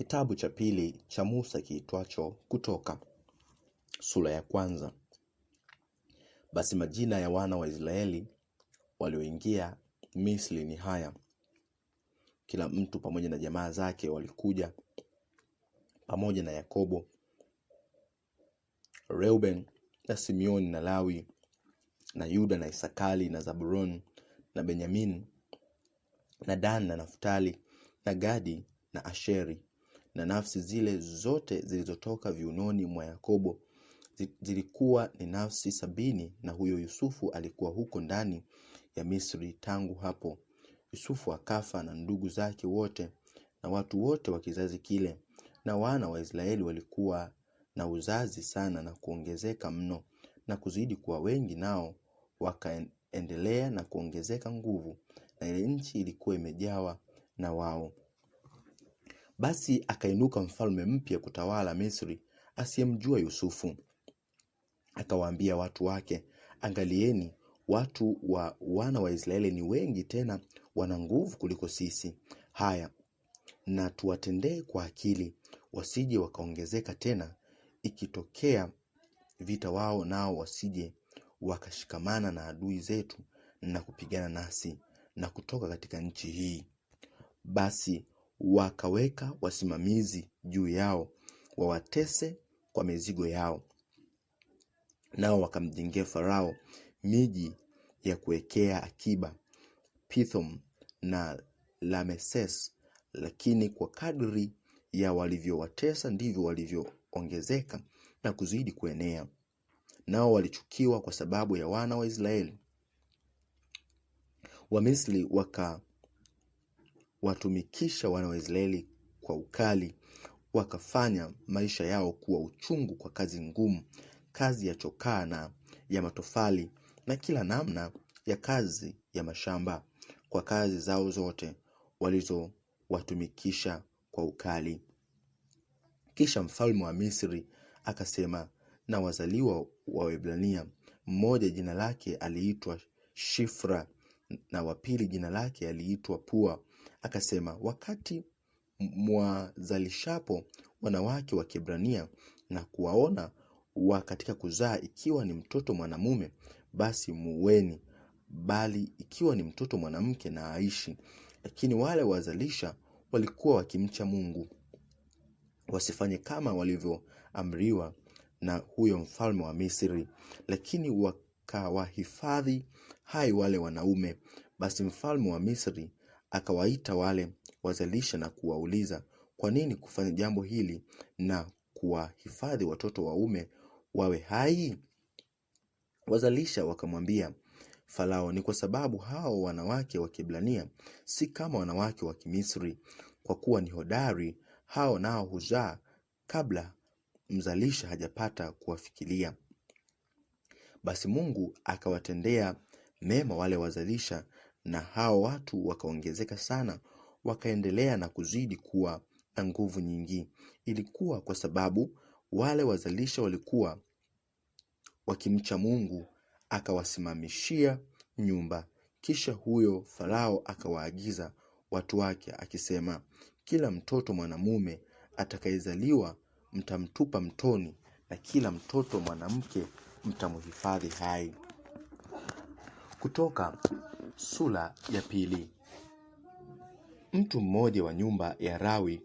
kitabu cha pili cha Musa kiitwacho Kutoka sura ya kwanza. Basi majina ya wana wa Israeli walioingia Misri ni haya: kila mtu pamoja na jamaa zake walikuja pamoja na Yakobo. Reuben na Simeoni na Lawi na Yuda na isakali na Zabuloni na benyamin na Dan na Naftali na Gadi na Asheri na nafsi zile zote zilizotoka viunoni mwa Yakobo zilikuwa ni nafsi sabini, na huyo Yusufu alikuwa huko ndani ya Misri tangu hapo. Yusufu akafa na ndugu zake wote na watu wote wa kizazi kile, na wana wa Israeli walikuwa na uzazi sana na kuongezeka mno na kuzidi kuwa wengi, nao wakaendelea na kuongezeka nguvu, na ile nchi ilikuwa imejawa na wao. Basi akainuka mfalme mpya kutawala Misri asiyemjua Yusufu. Akawaambia watu wake, angalieni, watu wa wana wa Israeli ni wengi, tena wana nguvu kuliko sisi. Haya, na tuwatendee kwa akili, wasije wakaongezeka tena, ikitokea vita wao nao wasije wakashikamana na adui zetu na kupigana nasi na kutoka katika nchi hii. Basi wakaweka wasimamizi juu yao wawatese kwa mizigo yao, nao wakamjengea Farao miji ya kuwekea akiba Pithom na Lameses. Lakini kwa kadri ya walivyowatesa ndivyo walivyoongezeka na kuzidi kuenea, nao walichukiwa kwa sababu ya wana wa Israeli. Wamisri waka watumikisha wana wa Israeli kwa ukali, wakafanya maisha yao kuwa uchungu kwa kazi ngumu, kazi ya chokaa na ya matofali, na kila namna ya kazi ya mashamba, kwa kazi zao zote walizowatumikisha kwa ukali. Kisha mfalme wa Misri akasema na wazaliwa wa Waebrania, mmoja jina lake aliitwa Shifra na wa pili jina lake aliitwa Pua, Akasema wakati mwazalishapo wanawake wa Kiebrania na kuwaona wa katika kuzaa ikiwa ni mtoto mwanamume basi muweni, bali ikiwa ni mtoto mwanamke na aishi. Lakini wale wazalisha walikuwa wakimcha Mungu, wasifanye kama walivyoamriwa na huyo mfalme wa Misri, lakini wakawahifadhi hai wale wanaume. Basi mfalme wa Misri Akawaita wale wazalisha na kuwauliza kwa nini kufanya jambo hili na kuwahifadhi watoto waume wawe hai? Wazalisha wakamwambia Farao, ni kwa sababu hao wanawake wa kiblania si kama wanawake wa Kimisri, kwa kuwa ni hodari; hao nao huzaa kabla mzalisha hajapata kuwafikilia. Basi Mungu akawatendea mema wale wazalisha, na hao watu wakaongezeka sana, wakaendelea na kuzidi kuwa na nguvu nyingi. Ilikuwa kwa sababu wale wazalisha walikuwa wakimcha Mungu, akawasimamishia nyumba. Kisha huyo Farao akawaagiza watu wake akisema, kila mtoto mwanamume atakayezaliwa mtamtupa mtoni, na kila mtoto mwanamke mtamhifadhi hai. Kutoka Sura ya pili. Mtu mmoja wa nyumba ya Lawi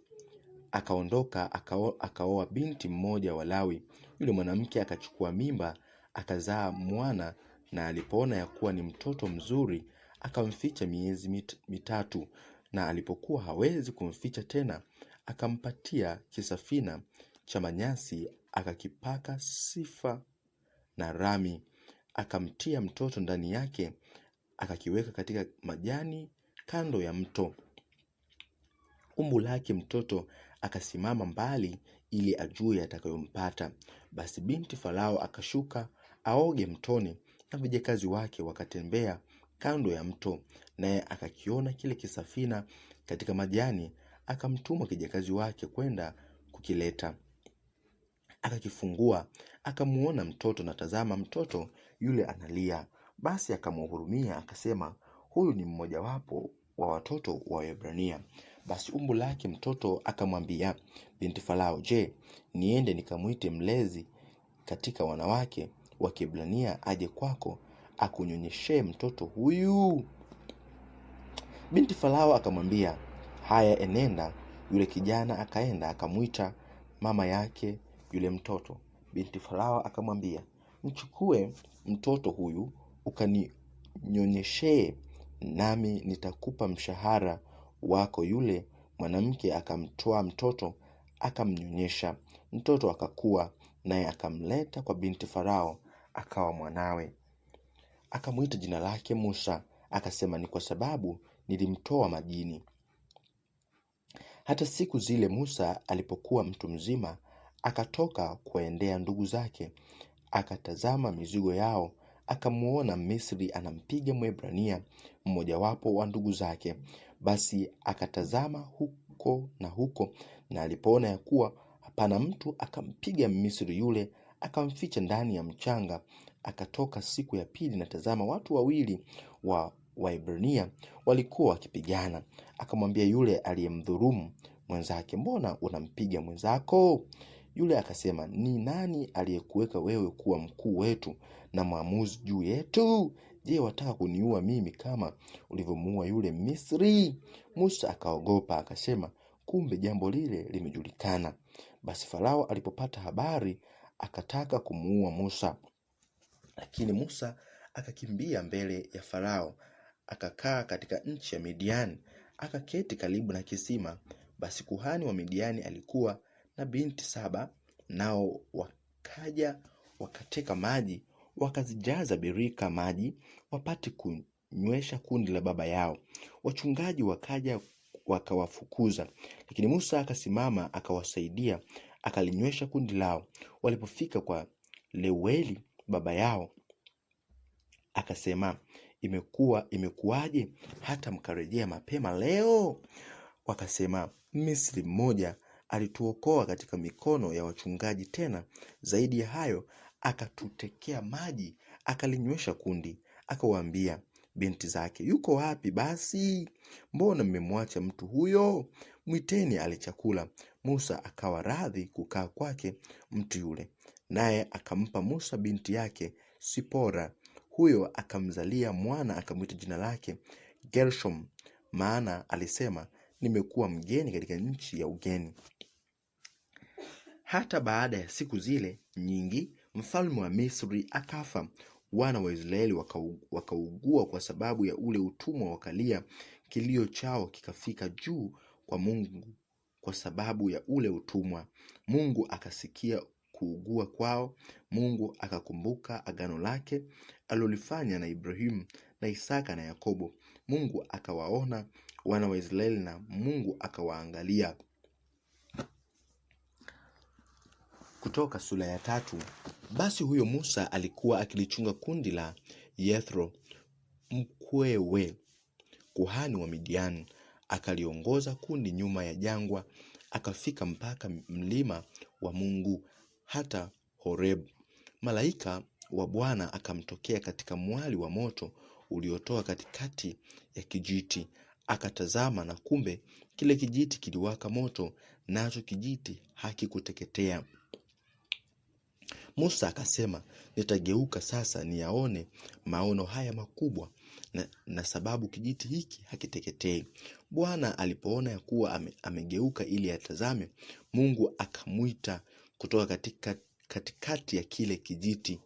akaondoka akaoa binti mmoja wa Lawi. Yule mwanamke akachukua mimba akazaa mwana, na alipoona ya kuwa ni mtoto mzuri akamficha miezi mit, mitatu, na alipokuwa hawezi kumficha tena akampatia kisafina cha manyasi akakipaka sifa na rami, akamtia mtoto ndani yake akakiweka katika majani kando ya mto. Umbu lake mtoto akasimama mbali ili ajue yatakayompata. Basi binti Farao akashuka aoge mtoni, na vijakazi wake wakatembea kando ya mto, naye akakiona kile kisafina katika majani, akamtuma kijakazi wake kwenda kukileta. Akakifungua akamuona mtoto, na tazama, mtoto yule analia. Basi akamhurumia akasema, huyu ni mmojawapo wa watoto wa Waebrania. Basi umbu lake mtoto akamwambia binti Farao, je, niende nikamwite mlezi katika wanawake wa Kiebrania aje kwako akunyonyeshe mtoto huyu? Binti Farao akamwambia, haya, enenda. Yule kijana akaenda akamwita mama yake yule mtoto. Binti Farao akamwambia, mchukue mtoto huyu ukaninyonyeshee nami nitakupa mshahara wako. Yule mwanamke akamtoa mtoto akamnyonyesha. Mtoto akakua, naye akamleta kwa binti Farao, akawa mwanawe. Akamwita jina lake Musa, akasema ni kwa sababu nilimtoa majini. Hata siku zile Musa alipokuwa mtu mzima, akatoka kuwaendea ndugu zake, akatazama mizigo yao akamwona Misri anampiga Mwebrania mmojawapo wa ndugu zake, basi akatazama huko na huko, na alipoona ya kuwa hapana mtu, akampiga Misri yule, akamficha ndani ya mchanga. Akatoka siku ya pili, na tazama, watu wawili wa Waebrania walikuwa wakipigana. Akamwambia yule aliyemdhulumu mwenzake, mbona unampiga mwenzako? Yule akasema, ni nani aliyekuweka wewe kuwa mkuu wetu na maamuzi juu yetu. Je, wataka kuniua mimi kama ulivyomuua yule Misri? Musa akaogopa akasema, kumbe jambo lile limejulikana. Basi Farao alipopata habari akataka kumuua Musa, lakini Musa akakimbia mbele ya Farao akakaa katika nchi ya Midiani akaketi karibu na kisima. Basi kuhani wa Midiani alikuwa na binti saba, nao wakaja wakateka maji wakazijaza birika maji wapate kunywesha kundi la baba yao. Wachungaji wakaja wakawafukuza, lakini Musa akasimama akawasaidia, akalinywesha kundi lao. Walipofika kwa Leweli baba yao, akasema imekuwa imekuwaje hata mkarejea mapema leo? Wakasema, Misri mmoja alituokoa katika mikono ya wachungaji, tena zaidi ya hayo akatutekea maji, akalinywesha kundi, akawaambia binti zake, yuko wapi basi? Mbona mmemwacha mtu huyo? Mwiteni ale chakula. Musa akawa radhi kukaa kwake mtu yule, naye akampa Musa binti yake Sipora. Huyo akamzalia mwana, akamwita jina lake Gershom, maana alisema, nimekuwa mgeni katika nchi ya ugeni. Hata baada ya siku zile nyingi, Mfalme wa Misri akafa, wana wa Israeli wakaugua kwa sababu ya ule utumwa, wakalia, kilio chao kikafika juu kwa Mungu kwa sababu ya ule utumwa. Mungu akasikia kuugua kwao. Mungu akakumbuka agano lake alilolifanya na Ibrahimu na Isaka na Yakobo. Mungu akawaona wana wa Israeli na Mungu akawaangalia. Kutoka sura ya tatu basi huyo Musa alikuwa akilichunga kundi la Yethro mkwewe kuhani wa Midian, akaliongoza kundi nyuma ya jangwa, akafika mpaka mlima wa Mungu hata Horeb. Malaika wa Bwana akamtokea katika mwali wa moto uliotoa katikati ya kijiti. Akatazama na kumbe, kile kijiti kiliwaka moto, nacho kijiti hakikuteketea. Musa akasema, nitageuka sasa niyaone maono haya makubwa na, na sababu kijiti hiki hakiteketei. Bwana alipoona ya kuwa ame, amegeuka ili atazame, Mungu akamwita kutoka katika, katikati ya kile kijiti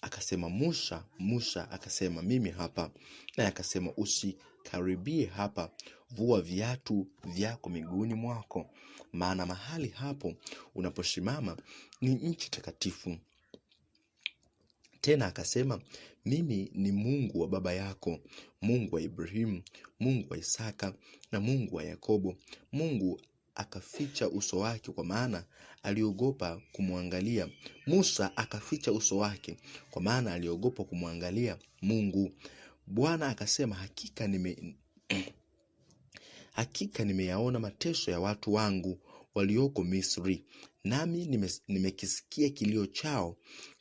akasema, Musa, Musa. Akasema, mimi hapa. Naye akasema, usikaribie hapa, vua viatu vyako miguuni mwako, maana mahali hapo unaposimama ni nchi takatifu. Tena akasema, mimi ni Mungu wa baba yako, Mungu wa Ibrahimu, Mungu wa Isaka na Mungu wa Yakobo. Mungu akaficha uso wake kwa maana aliogopa kumwangalia. Musa akaficha uso wake kwa maana aliogopa kumwangalia Mungu. Bwana akasema, hakika nime hakika nimeyaona mateso ya watu wangu walioko Misri, nami nimekisikia kilio chao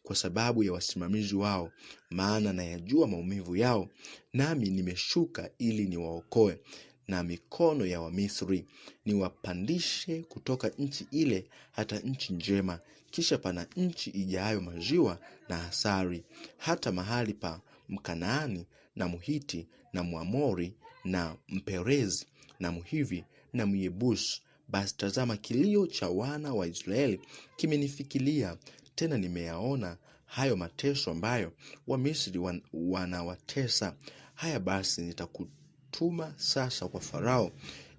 kwa sababu ya wasimamizi wao, maana nayajua maumivu yao, nami nimeshuka ili niwaokoe na mikono ya Wamisri, niwapandishe kutoka nchi ile hata nchi njema. Kisha pana nchi ijayo maziwa na asali, hata mahali pa Mkanaani na Mhiti na Mwamori na Mperezi na Mhivi na Myebusi. Basi tazama, kilio cha wana wa Israeli kimenifikilia, tena nimeyaona hayo mateso ambayo Wamisri wan, wanawatesa. Haya basi, nitakutuma sasa kwa Farao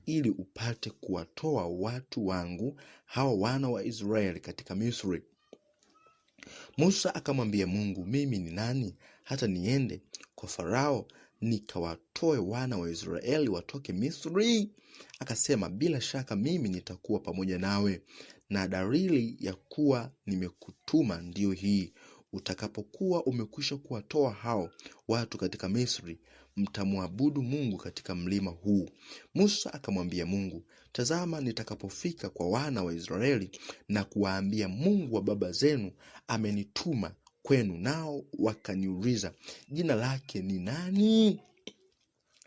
ili upate kuwatoa watu wangu hawa wana wa Israeli katika Misri. Musa akamwambia Mungu, mimi ni nani hata niende kwa Farao nikawatoe wana wa Israeli watoke Misri? Akasema, bila shaka mimi nitakuwa pamoja nawe, na dalili ya kuwa nimekutuma ndiyo hii, utakapokuwa umekwisha kuwatoa hao watu katika Misri, mtamwabudu Mungu katika mlima huu. Musa akamwambia Mungu, tazama, nitakapofika kwa wana wa Israeli na kuwaambia, Mungu wa baba zenu amenituma kwenu, nao wakaniuliza jina lake ni nani,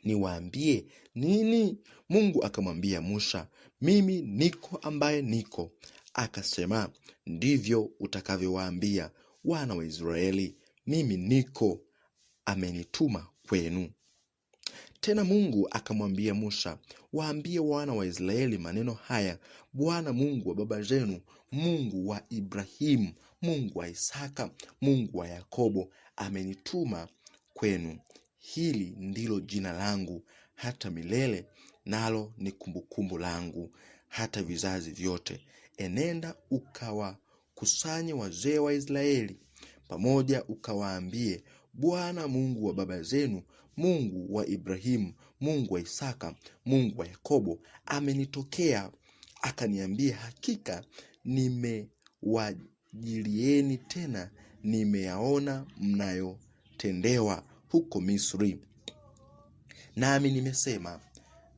niwaambie nini? Mungu akamwambia Musa, mimi niko ambaye niko. Akasema, ndivyo utakavyowaambia wana wa Israeli, mimi niko amenituma kwenu. Tena Mungu akamwambia Musa, waambie wana wa Israeli maneno haya, Bwana Mungu wa baba zenu, Mungu wa Ibrahimu, Mungu wa Isaka, Mungu wa Yakobo, amenituma kwenu. Hili ndilo jina langu hata milele, nalo ni kumbukumbu langu hata vizazi vyote. Enenda ukawakusanye wazee wa Israeli pamoja, ukawaambie, Bwana Mungu wa baba zenu, Mungu wa Ibrahimu, Mungu wa Isaka, Mungu wa Yakobo amenitokea akaniambia, hakika nimewajilieni tena, nimeyaona mnayotendewa huko Misri, nami nimesema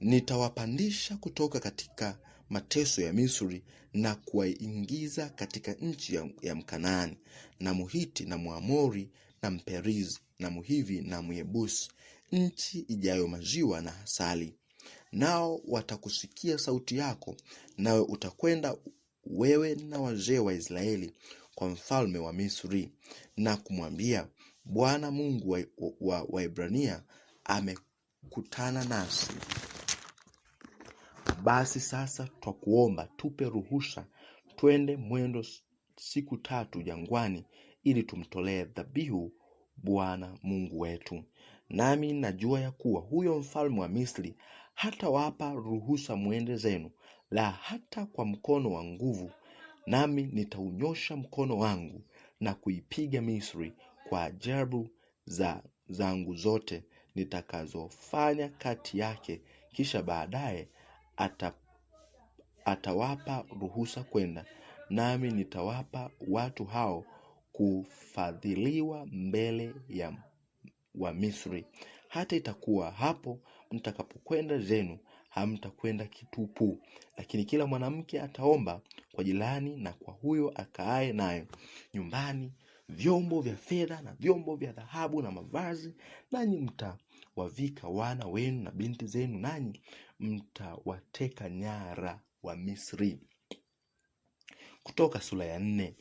nitawapandisha kutoka katika mateso ya Misri na kuwaingiza katika nchi ya, ya Mkanaani na Muhiti na Mwamori na Mperizi na Muhivi na Myebusi, nchi ijayo maziwa na asali. Nao watakusikia sauti yako, nawe utakwenda wewe na wazee wa Israeli kwa mfalme wa Misri na kumwambia, Bwana Mungu wa Waebrania amekutana nasi. Basi sasa twakuomba tupe ruhusa twende mwendo siku tatu jangwani, ili tumtolee dhabihu Bwana Mungu wetu. Nami najua ya kuwa huyo mfalme wa Misri hatawapa ruhusa mwende zenu, la hata kwa mkono wa nguvu, nami nitaunyosha mkono wangu na kuipiga Misri kwa ajabu za zangu zote nitakazofanya kati yake, kisha baadaye ata, atawapa ruhusa kwenda, nami nitawapa watu hao kufadhiliwa mbele ya wa misri Hata itakuwa hapo mtakapokwenda zenu, hamtakwenda kitupu, lakini kila mwanamke ataomba kwa jirani na kwa huyo akaaye nayo nyumbani vyombo vya fedha na vyombo vya dhahabu na mavazi, nanyi mtaa wavika wana wenu na binti zenu, nanyi mtawateka nyara wa Misri. Kutoka sura ya nne.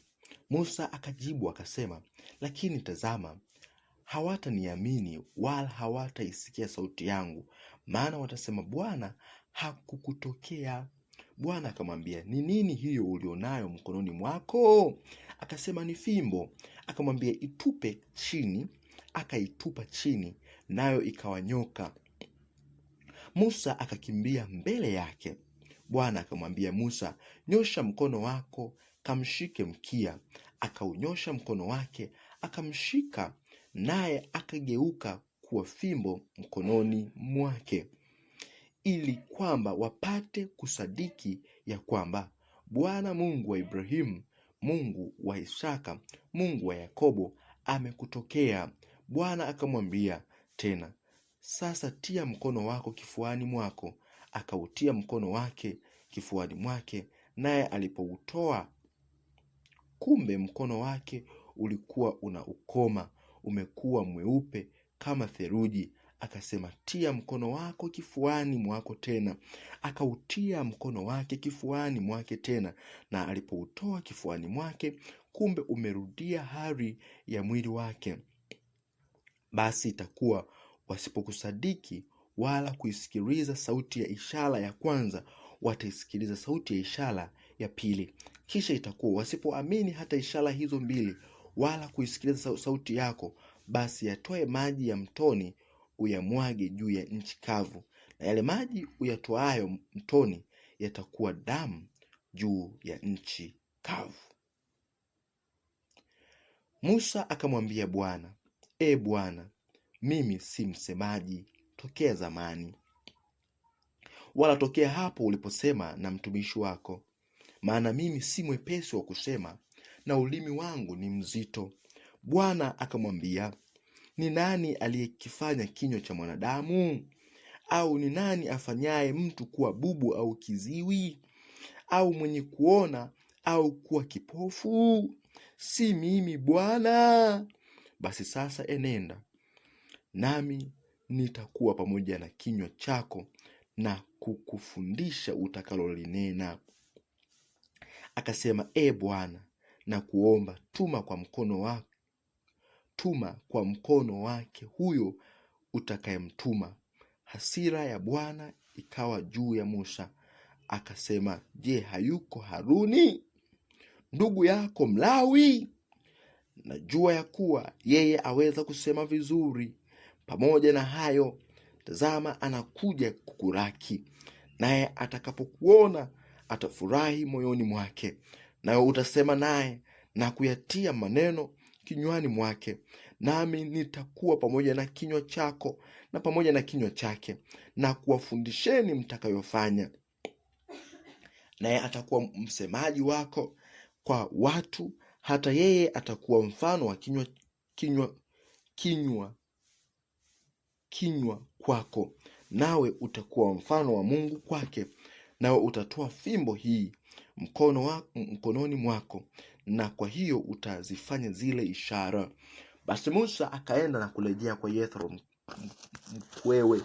Musa akajibu akasema, lakini tazama, hawataniamini wala hawataisikia sauti yangu, maana watasema, Bwana hakukutokea. Bwana akamwambia, ni nini hiyo ulionayo mkononi mwako? Akasema, ni fimbo. Akamwambia, itupe chini. Akaitupa chini, nayo ikawa nyoka. Musa akakimbia mbele yake. Bwana akamwambia Musa, nyosha mkono wako kamshike mkia. Akaunyosha mkono wake akamshika, naye akageuka kuwa fimbo mkononi mwake, ili kwamba wapate kusadiki ya kwamba Bwana Mungu wa Ibrahimu, Mungu wa Isaka, Mungu wa Yakobo amekutokea. Bwana akamwambia, tena sasa tia mkono wako kifuani mwako. Akautia mkono wake kifuani mwake, naye alipoutoa, kumbe mkono wake ulikuwa una ukoma, umekuwa mweupe kama theruji Akasema, tia mkono wako kifuani mwako tena. Akautia mkono wake kifuani mwake tena, na alipoutoa kifuani mwake, kumbe umerudia hari ya mwili wake. Basi itakuwa Wasipokusadiki wala kuisikiliza sauti ya ishara ya kwanza, wataisikiliza sauti ya ishara ya pili. Kisha itakuwa wasipoamini hata ishara hizo mbili, wala kuisikiliza sauti yako, basi yatoe maji ya mtoni uyamwage juu ya nchi kavu, na yale maji uyatoayo mtoni yatakuwa damu juu ya nchi kavu. Musa akamwambia Bwana, E Bwana, mimi si msemaji tokea zamani, wala tokea hapo uliposema na mtumishi wako, maana mimi si mwepesi wa kusema na ulimi wangu ni mzito. Bwana akamwambia, ni nani aliyekifanya kinywa cha mwanadamu? Au ni nani afanyaye mtu kuwa bubu au kiziwi au mwenye kuona au kuwa kipofu? Si mimi Bwana. Basi sasa enenda nami nitakuwa pamoja na kinywa chako na kukufundisha utakalolinena. Akasema, E Bwana, na kuomba tuma kwa mkono wake, tuma kwa mkono wake huyo utakayemtuma. Hasira ya Bwana ikawa juu ya Musa, akasema, Je, hayuko Haruni ndugu yako Mlawi? Najua ya kuwa yeye aweza kusema vizuri pamoja na hayo, tazama, anakuja kukuraki, naye atakapokuona atafurahi moyoni mwake, nawe utasema naye na kuyatia maneno kinywani mwake, nami nitakuwa pamoja na kinywa chako na pamoja na kinywa chake, na kuwafundisheni mtakayofanya. Naye atakuwa msemaji wako kwa watu, hata yeye atakuwa mfano wa kinywa kinywa kinywa kinywa kwako, nawe utakuwa mfano wa Mungu kwake, nawe utatoa fimbo hii mkono wa, mkononi mwako, na kwa hiyo utazifanya zile ishara. Basi Musa akaenda na kurejea kwa Yethro mkwewe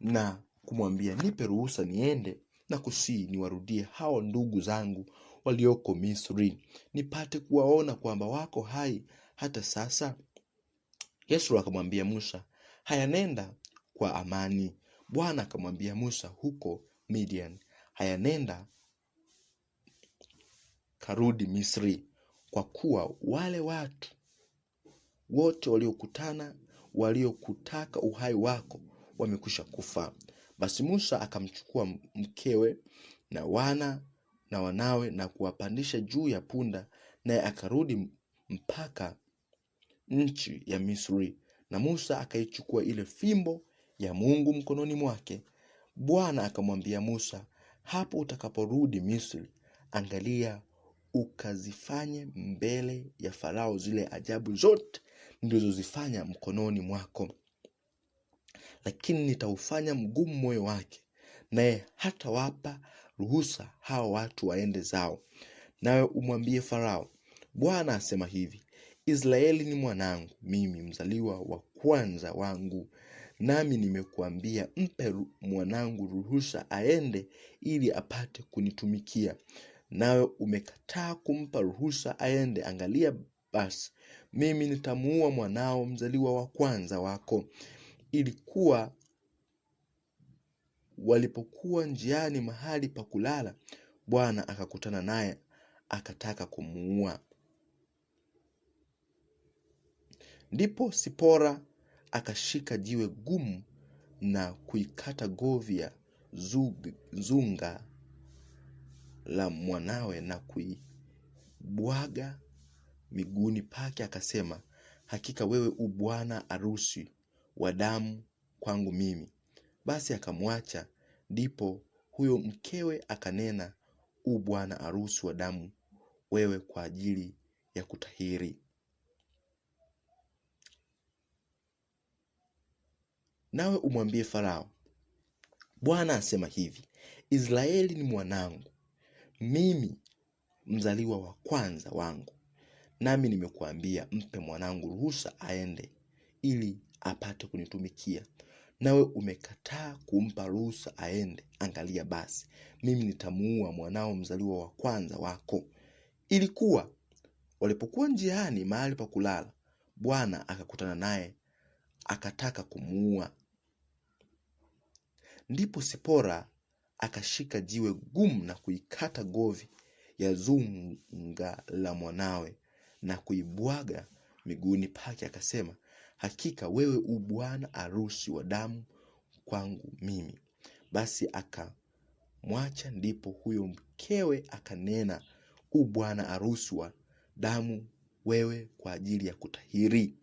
na kumwambia, nipe ruhusa niende na kusii niwarudie hawa ndugu zangu walioko Misri, nipate kuwaona kwamba wako hai hata sasa. Yesu akamwambia Musa, hayanenda kwa amani. Bwana akamwambia Musa huko Midian, hayanenda karudi Misri, kwa kuwa wale watu wote waliokutana waliokutaka uhai wako wamekwisha kufa. Basi Musa akamchukua mkewe na wana na wanawe na kuwapandisha juu ya punda, naye akarudi mpaka nchi ya Misri. Na Musa akaichukua ile fimbo ya Mungu mkononi mwake. Bwana akamwambia Musa, hapo utakaporudi Misri, angalia ukazifanye mbele ya Farao zile ajabu zote nilizozifanya mkononi mwako, lakini nitaufanya mgumu moyo wake, naye hatawapa ruhusa hao watu waende zao. Nawe umwambie Farao, Bwana asema hivi, Israeli ni mwanangu, mimi mzaliwa wa kwanza wangu. Nami nimekuambia mpe mwanangu ruhusa aende ili apate kunitumikia. Nawe umekataa kumpa ruhusa aende. Angalia basi, mimi nitamuua mwanao mzaliwa wa kwanza wako. Ilikuwa walipokuwa njiani mahali pa kulala, Bwana akakutana naye akataka kumuua. Ndipo Sipora akashika jiwe gumu na kuikata govi ya zunga la mwanawe na kuibwaga miguuni pake akasema, Hakika wewe u bwana arusi wa damu kwangu mimi. Basi akamwacha. Ndipo huyo mkewe akanena, U bwana arusi wa damu wewe kwa ajili ya kutahiri. nawe umwambie Farao, Bwana asema hivi, Israeli ni mwanangu, mimi mzaliwa wa kwanza wangu, nami nimekuambia mpe mwanangu ruhusa aende ili apate kunitumikia nawe umekataa kumpa ruhusa aende. Angalia basi, mimi nitamuua mwanao mzaliwa wa kwanza wako. Ilikuwa walipokuwa njiani mahali pa kulala, Bwana akakutana naye akataka kumuua. Ndipo Sipora akashika jiwe gumu na kuikata govi ya zunga la mwanawe na kuibwaga miguuni pake akasema, hakika wewe u bwana arusi wa damu kwangu mimi. Basi akamwacha. Ndipo huyo mkewe akanena, u bwana arusi wa damu wewe kwa ajili ya kutahiri.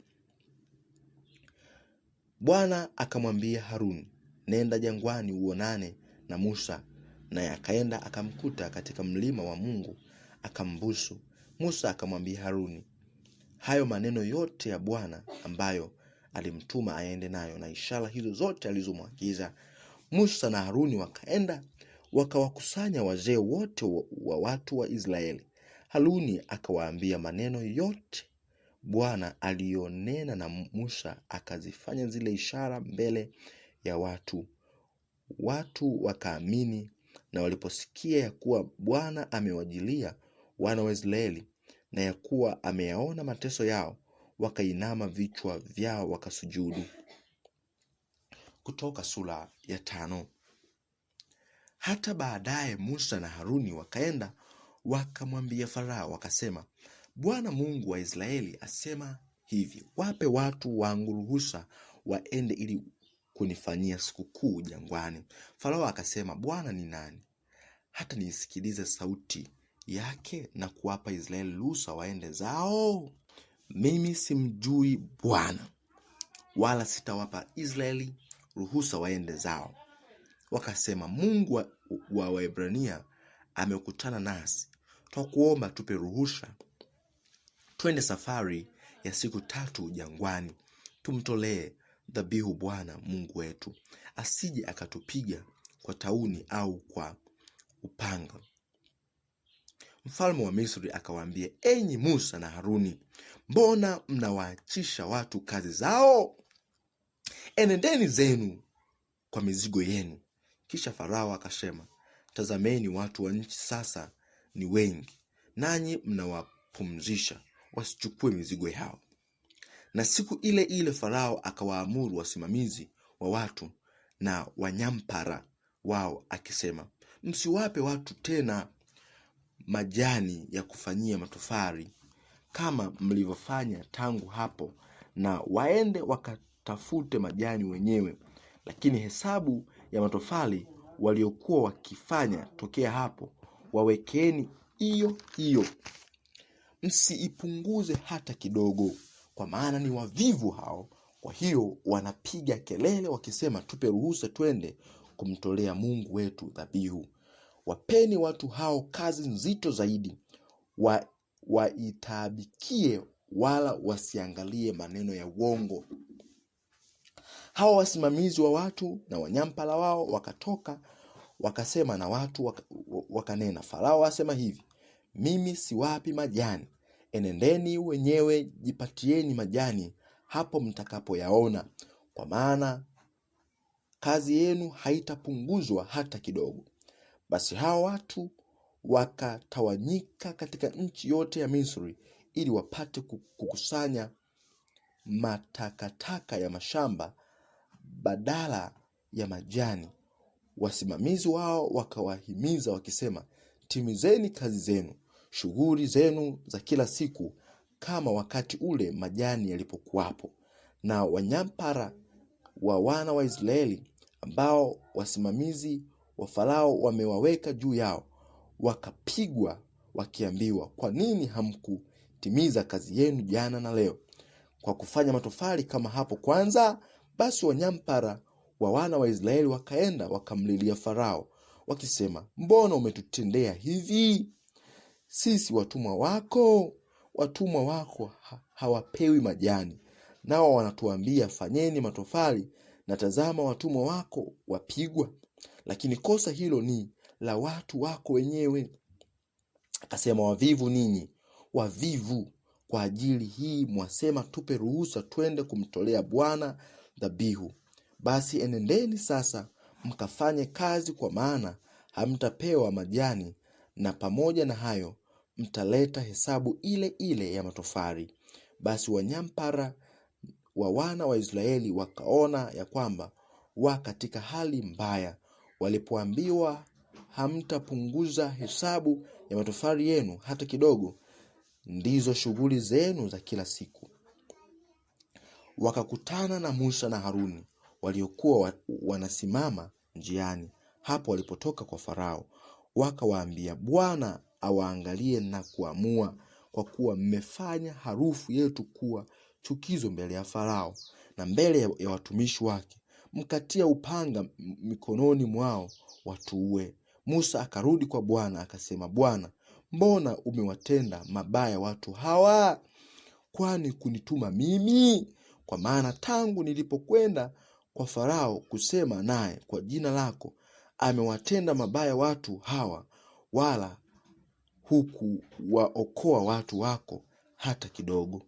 Bwana akamwambia Haruni, nenda jangwani uonane na Musa. Naye akaenda akamkuta katika mlima wa Mungu akambusu. Musa akamwambia Haruni hayo maneno yote ya Bwana ambayo alimtuma aende nayo na ishara hizo zote alizomwagiza. Musa na Haruni wakaenda wakawakusanya wazee wote wa watu wa Israeli. Haruni akawaambia maneno yote Bwana alionena na Musa, akazifanya zile ishara mbele ya watu. Watu wakaamini, na waliposikia ya kuwa Bwana amewajilia wana wa Israeli na ya kuwa ameyaona mateso yao, wakainama vichwa vyao wakasujudu. Kutoka sura ya tano. Hata baadaye Musa na Haruni wakaenda wakamwambia Farao, wakasema, Bwana Mungu wa Israeli asema hivi, wape watu wangu ruhusa waende, ili kunifanyia sikukuu jangwani. Farao akasema, Bwana ni nani hata niisikilize sauti yake na kuwapa Israeli ruhusa waende zao? Mimi simjui Bwana, wala sitawapa Israeli ruhusa waende zao. Wakasema, Mungu wa, wa Waebrania amekutana nasi, twakuomba tupe ruhusa twende safari ya siku tatu jangwani, tumtolee dhabihu Bwana Mungu wetu, asije akatupiga kwa tauni au kwa upanga. Mfalme wa Misri akawaambia, enyi Musa na Haruni, mbona mnawaachisha watu kazi zao? Enendeni zenu kwa mizigo yenu. Kisha Farao akasema, tazameni, watu wa nchi sasa ni wengi, nanyi mnawapumzisha; wasichukue mizigo yao. Na siku ile ile Farao akawaamuru wasimamizi wa watu na wanyampara wao akisema, msiwape watu tena majani ya kufanyia matofali kama mlivyofanya tangu hapo, na waende wakatafute majani wenyewe. Lakini hesabu ya matofali waliokuwa wakifanya tokea hapo, wawekeni hiyo hiyo, msiipunguze hata kidogo kwa maana ni wavivu hao. Kwa hiyo wanapiga kelele wakisema, tupe ruhusa twende kumtolea Mungu wetu dhabihu. Wapeni watu hao kazi nzito zaidi, wa waitaabikie, wala wasiangalie maneno ya uongo. Hawa wasimamizi wa watu na wanyampala wao wakatoka wakasema na watu wak, wakanena, Farao asema hivi, mimi siwapi majani enendeni wenyewe jipatieni majani hapo mtakapoyaona, kwa maana kazi yenu haitapunguzwa hata kidogo. Basi hawa watu wakatawanyika katika nchi yote ya Misri ili wapate kukusanya matakataka ya mashamba badala ya majani. Wasimamizi wao wakawahimiza wakisema, timizeni kazi zenu, shughuli zenu za kila siku kama wakati ule majani yalipokuwapo. Na wanyampara wa wana wa Israeli ambao wasimamizi wa Farao wamewaweka juu yao, wakapigwa wakiambiwa, kwa nini hamkutimiza kazi yenu jana na leo kwa kufanya matofali kama hapo kwanza? Basi wanyampara wa wana wa Israeli wakaenda wakamlilia Farao wakisema, mbona umetutendea hivi? Sisi watumwa wako. Watumwa wako hawapewi majani, nao wanatuambia fanyeni matofali, na tazama, watumwa wako wapigwa. Lakini kosa hilo ni la watu wako wenyewe. Akasema, wavivu ninyi, wavivu! Kwa ajili hii mwasema, tupe ruhusa twende kumtolea Bwana dhabihu. Basi enendeni sasa mkafanye kazi, kwa maana hamtapewa majani, na pamoja na hayo mtaleta hesabu ile ile ya matofari. Basi wanyampara wa wana wa Israeli wakaona ya kwamba wa katika hali mbaya, walipoambiwa hamtapunguza hesabu ya matofari yenu hata kidogo, ndizo shughuli zenu za kila siku. Wakakutana na Musa na Haruni waliokuwa wanasimama njiani hapo walipotoka kwa Farao, wakawaambia, Bwana awaangalie na kuamua, kwa kuwa mmefanya harufu yetu kuwa chukizo mbele ya Farao na mbele ya watumishi wake, mkatia upanga mikononi mwao watuue. Musa akarudi kwa Bwana akasema, Bwana, mbona umewatenda mabaya watu hawa? Kwani kunituma mimi? Kwa maana tangu nilipokwenda kwa Farao kusema naye kwa jina lako, amewatenda mabaya watu hawa, wala hukuwaokoa watu wako hata kidogo